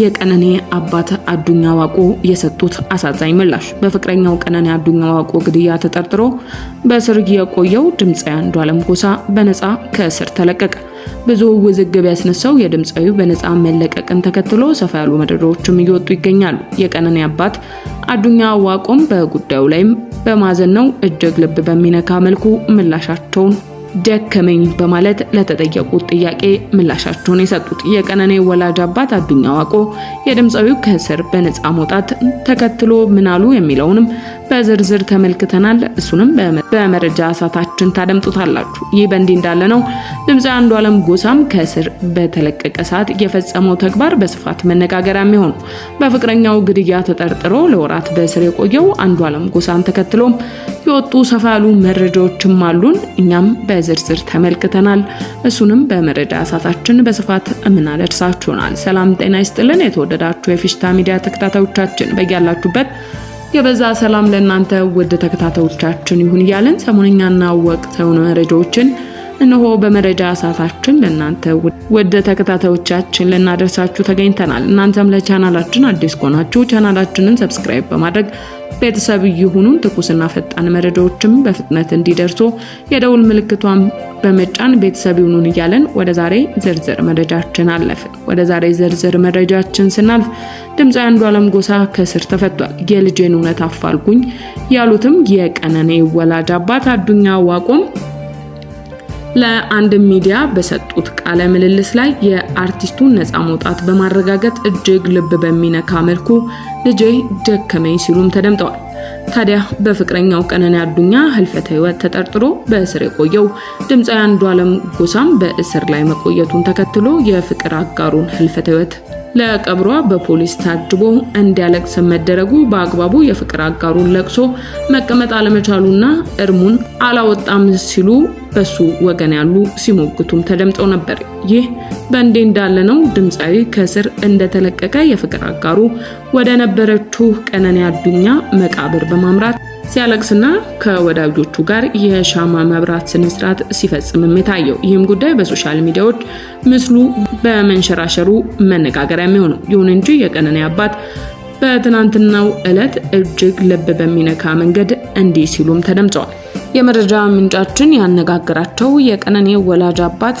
የቀነኔ አባት አዱኛ ዋቆ የሰጡት አሳዛኝ ምላሽ። በፍቅረኛው ቀነኔ አዱኛ ዋቆ ግድያ ተጠርጥሮ በእስር የቆየው ድምፃዊ አንዷለም ጎሳ በነፃ ከእስር ተለቀቀ። ብዙ ውዝግብ ያስነሳው የድምፃዊው በነፃ መለቀቅን ተከትሎ ሰፋ ያሉ መደረዎችም እየወጡ ይገኛሉ። የቀነኔ አባት አዱኛ ዋቆም በጉዳዩ ላይም በማዘን ነው እጅግ ልብ በሚነካ መልኩ ምላሻቸውን ደከመኝ በማለት ለተጠየቁት ጥያቄ ምላሻቸውን የሰጡት የቀነኔ ወላጅ አባት አዱኛ ዋቆ የድምፃዊው ከእስር በነፃ መውጣት ተከትሎ ምናሉ የሚለውንም በዝርዝር ተመልክተናል። እሱንም በመረጃ እሳታችን ታደምጡታላችሁ። ይህ በእንዲህ እንዳለ ነው ድምፃዊ አለም ጎሳም ከእስር በተለቀቀ ሰዓት የፈጸመው ተግባር በስፋት መነጋገሪያ የሚሆኑ በፍቅረኛው ግድያ ተጠርጥሮ ለወራት በእስር የቆየው አለም ጎሳን ተከትሎም የወጡ ሰፋ ያሉ መረጃዎችም አሉን። እኛም በዝርዝር ተመልክተናል። እሱንም በመረጃ እሳታችን በስፋት እምናደርሳችሁናል። ሰላም ጤና ይስጥልን። የተወደዳችሁ የፊሽታ ሚዲያ ተከታታዮቻችን በያላችሁበት የበዛ ሰላም ለእናንተ ውድ ተከታታዮቻችን ይሁን እያለን ሰሞነኛና ወቅታዊ መረጃዎችን እነሆ በመረጃ ሰዓታችን ለእናንተ ውድ ተከታታዮቻችን ልናደርሳችሁ ተገኝተናል። እናንተም ለቻናላችን አዲስ ከሆናችሁ ቻናላችንን ሰብስክራይብ በማድረግ ቤተሰብ ይሁኑን። ትኩስና ፈጣን መረጃዎችም በፍጥነት እንዲደርሱ የደውል ምልክቷም በመጫን ቤተሰብ ይሁኑን እያለን ወደ ዛሬ ዝርዝር መረጃችን አለፍን። ወደ ዛሬ ዝርዝር መረጃችን ስናልፍ ድምፃዊ አለም ጎሳ ከእስር ተፈቷል። የልጄን እውነት አፋልጉኝ ያሉትም የቀነኔ ወላጅ አባት አዱኛ ዋቆም ለአንድ ሚዲያ በሰጡት ቃለ ምልልስ ላይ የአርቲስቱን ነፃ መውጣት በማረጋገጥ እጅግ ልብ በሚነካ መልኩ ልጄ ደከመኝ ሲሉም ተደምጠዋል። ታዲያ በፍቅረኛው ቀነኒ አዱኛ ህልፈተ ህይወት ተጠርጥሮ በእስር የቆየው ድምፃዊ አንዱዓለም ጎሳም በእስር ላይ መቆየቱን ተከትሎ የፍቅር አጋሩን ህልፈተ ህይወት ለቀብሯ በፖሊስ ታጅቦ እንዲያለቅስ መደረጉ በአግባቡ የፍቅር አጋሩን ለቅሶ መቀመጥ አለመቻሉና እርሙን አላወጣም ሲሉ በሱ ወገን ያሉ ሲሞግቱም ተደምጠው ነበር። ይህ በእንዲህ እንዳለ ነው ድምፃዊ ከእስር እንደተለቀቀ የፍቅር አጋሩ ወደ ነበረችው ቀነኒ አዱኛ መቃብር በማምራት ሲያለቅስና ከወዳጆቹ ጋር የሻማ መብራት ስነስርዓት ሲፈጽምም የታየው ይህም ጉዳይ በሶሻል ሚዲያዎች ምስሉ በመንሸራሸሩ መነጋገሪያ የሚሆነው። ይሁን እንጂ የቀነኒ አባት በትናንትናው ዕለት እጅግ ልብ በሚነካ መንገድ እንዲህ ሲሉም ተደምጸዋል። የመረጃ ምንጫችን ያነጋገራቸው የቀነኔ ወላጅ አባት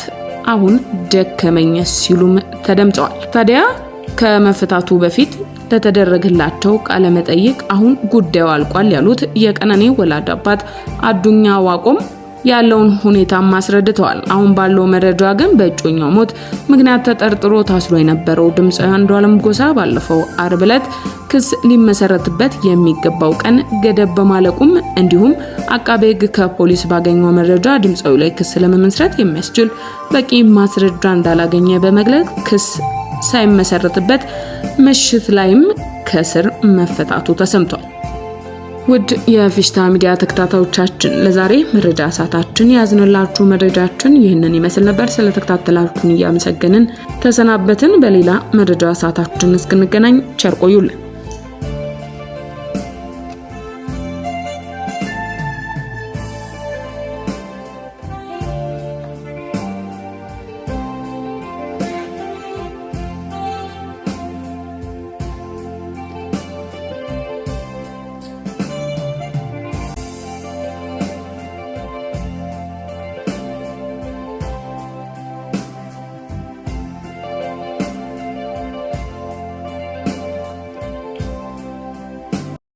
አሁን ደከመኝ ሲሉም ተደምጠዋል። ታዲያ ከመፈታቱ በፊት ለተደረገላቸው ቃለ መጠይቅ አሁን ጉዳዩ አልቋል ያሉት የቀነኔ ወላጅ አባት አዱኛ ዋቆም ያለውን ሁኔታም አስረድተዋል። አሁን ባለው መረጃ ግን በእጮኛው ሞት ምክንያት ተጠርጥሮ ታስሮ የነበረው ድምፃዊ አንዷለም ጎሳ ባለፈው አርብ ዕለት ክስ ሊመሰረትበት የሚገባው ቀን ገደብ በማለቁም እንዲሁም አቃቤ ሕግ ከፖሊስ ባገኘው መረጃ ድምፃዊ ላይ ክስ ለመመስረት የሚያስችል በቂ ማስረጃ እንዳላገኘ በመግለጽ ክስ ሳይመሰረትበት ምሽት ላይም ከእስር መፈታቱ ተሰምቷል። ውድ የፊሽታ ሚዲያ ተከታታዮቻችን ለዛሬ መረጃ ሰዓታችን ያዝንላችሁ መረጃችን ይህንን ይመስል ነበር። ስለተከታተላችሁን እያመሰገንን ተሰናበትን። በሌላ መረጃ ሰዓታችን እስክንገናኝ ቸር